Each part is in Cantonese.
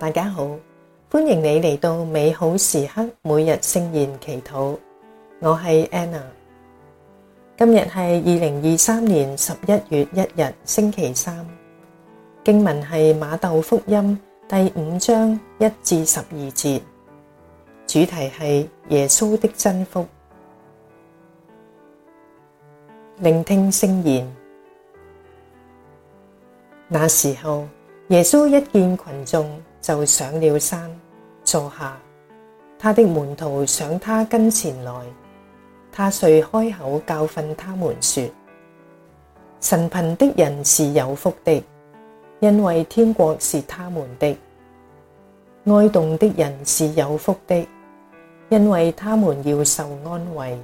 大家好，歡迎你嚟到美好時刻每日聖言祈禱。我係 Anna，今日係二零二三年十一月一日星期三。經文係馬竇福音第五章一至十二節，主題係耶穌的真福。聆聽聖言。那時候，耶穌一見群眾，.就上了山，坐下，他的門徒上他跟前來，他遂開口教訓他們說：神貧的人是有福的，因為天國是他們的；哀慟的人是有福的，因為他們要受安慰；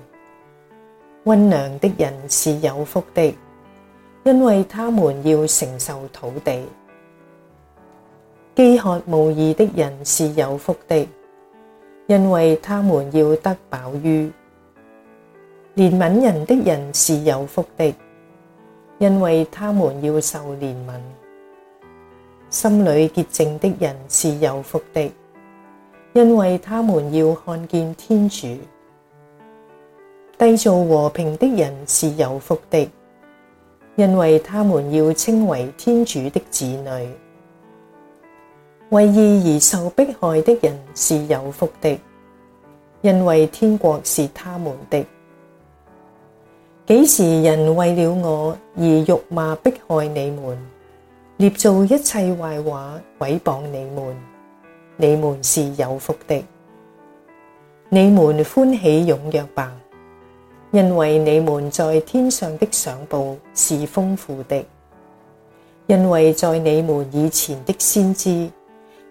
溫良的人是有福的，因為他們要承受土地。飢渴慕義的人是有福的，因為他們要得飽飫；憐憫人的人是有福的，因為他們要受憐憫；心裏潔淨的人是有福的，因為他們要看見天主；締造和平的人是有福的，因為他們要稱為天主的子女。為義而受迫害的人是有福的，因為天國是他們的。幾時人為了我而辱罵迫害你們，捏造一切壞話毀謗你們，你們是有福的。你們歡喜踴躍吧，因為你們在天上的賞報是豐富的。因為在你們以前的先知，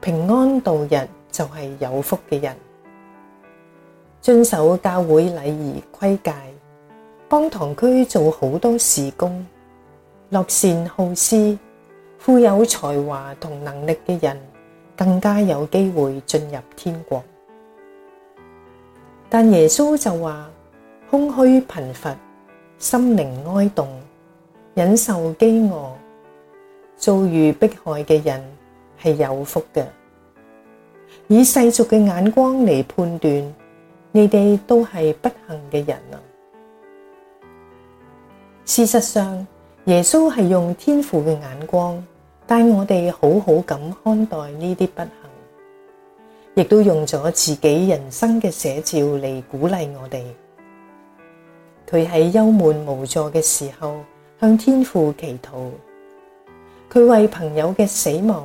平安度日就係有福嘅人。遵守教會禮儀規誡，幫堂區做好多事工，樂善好施，富有才華同能力嘅人，更加有機會進入天國。但耶穌就話，空虛貧乏，心靈哀慟，忍受飢餓，遭遇迫害嘅人，係有福嘅，以世俗嘅眼光嚟判斷，你哋都係不幸嘅人啊！事實上，耶穌係用天父嘅眼光帶我哋好好咁看待呢啲不幸，亦都用咗自己人生嘅寫照嚟鼓勵我哋。佢喺憂悶無助嘅時候向天父祈禱，佢為朋友嘅死亡。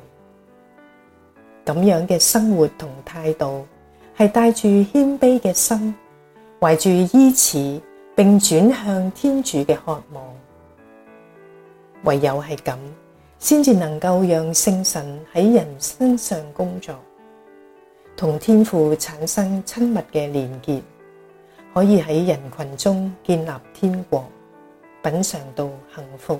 咁樣嘅生活同態度，係帶住謙卑嘅心，懷住依恃，並轉向天主嘅渴望，唯有係咁，先至能夠讓聖神喺人身上工作，同天父產生親密嘅連結，可以喺人群中建立天國，品嘗到幸福。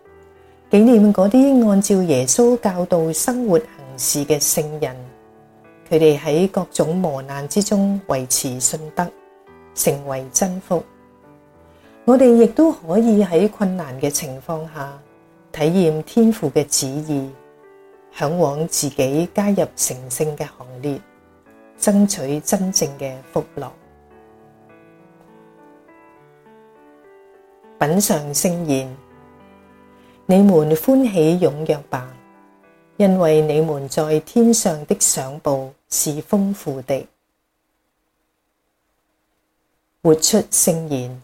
紀念嗰啲按照耶穌教導生活行事嘅聖人，佢哋喺各種磨難之中維持信德，成為真福。我哋亦都可以喺困難嘅情況下體驗天父嘅旨意，嚮往自己加入成聖嘅行列，爭取真正嘅福樂，品嘗聖言。你們歡喜踴躍吧，因為你們在天上的賞報是豐富的。活出聖言，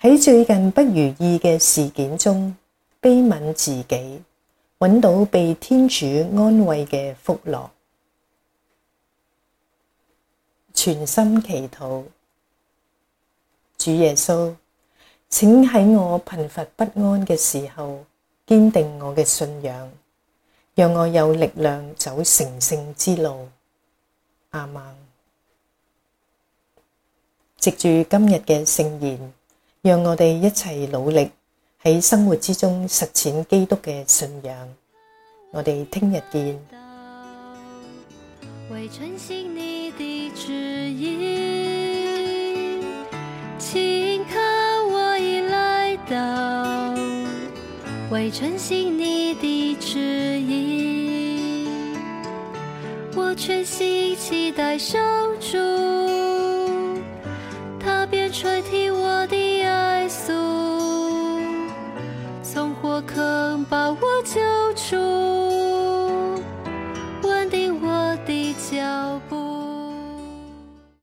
喺最近不如意嘅事件中，悲憫自己，揾到被天主安慰嘅福樂，全心祈禱，主耶穌。請喺我貧乏不安嘅時候堅定我嘅信仰，讓我有力量走成聖之路。阿孟，藉住今日嘅聖言，讓我哋一齊努力喺生活之中實踐基督嘅信仰。我哋聽日見。會誠心你的指引，我全心期待守住，踏遍川途。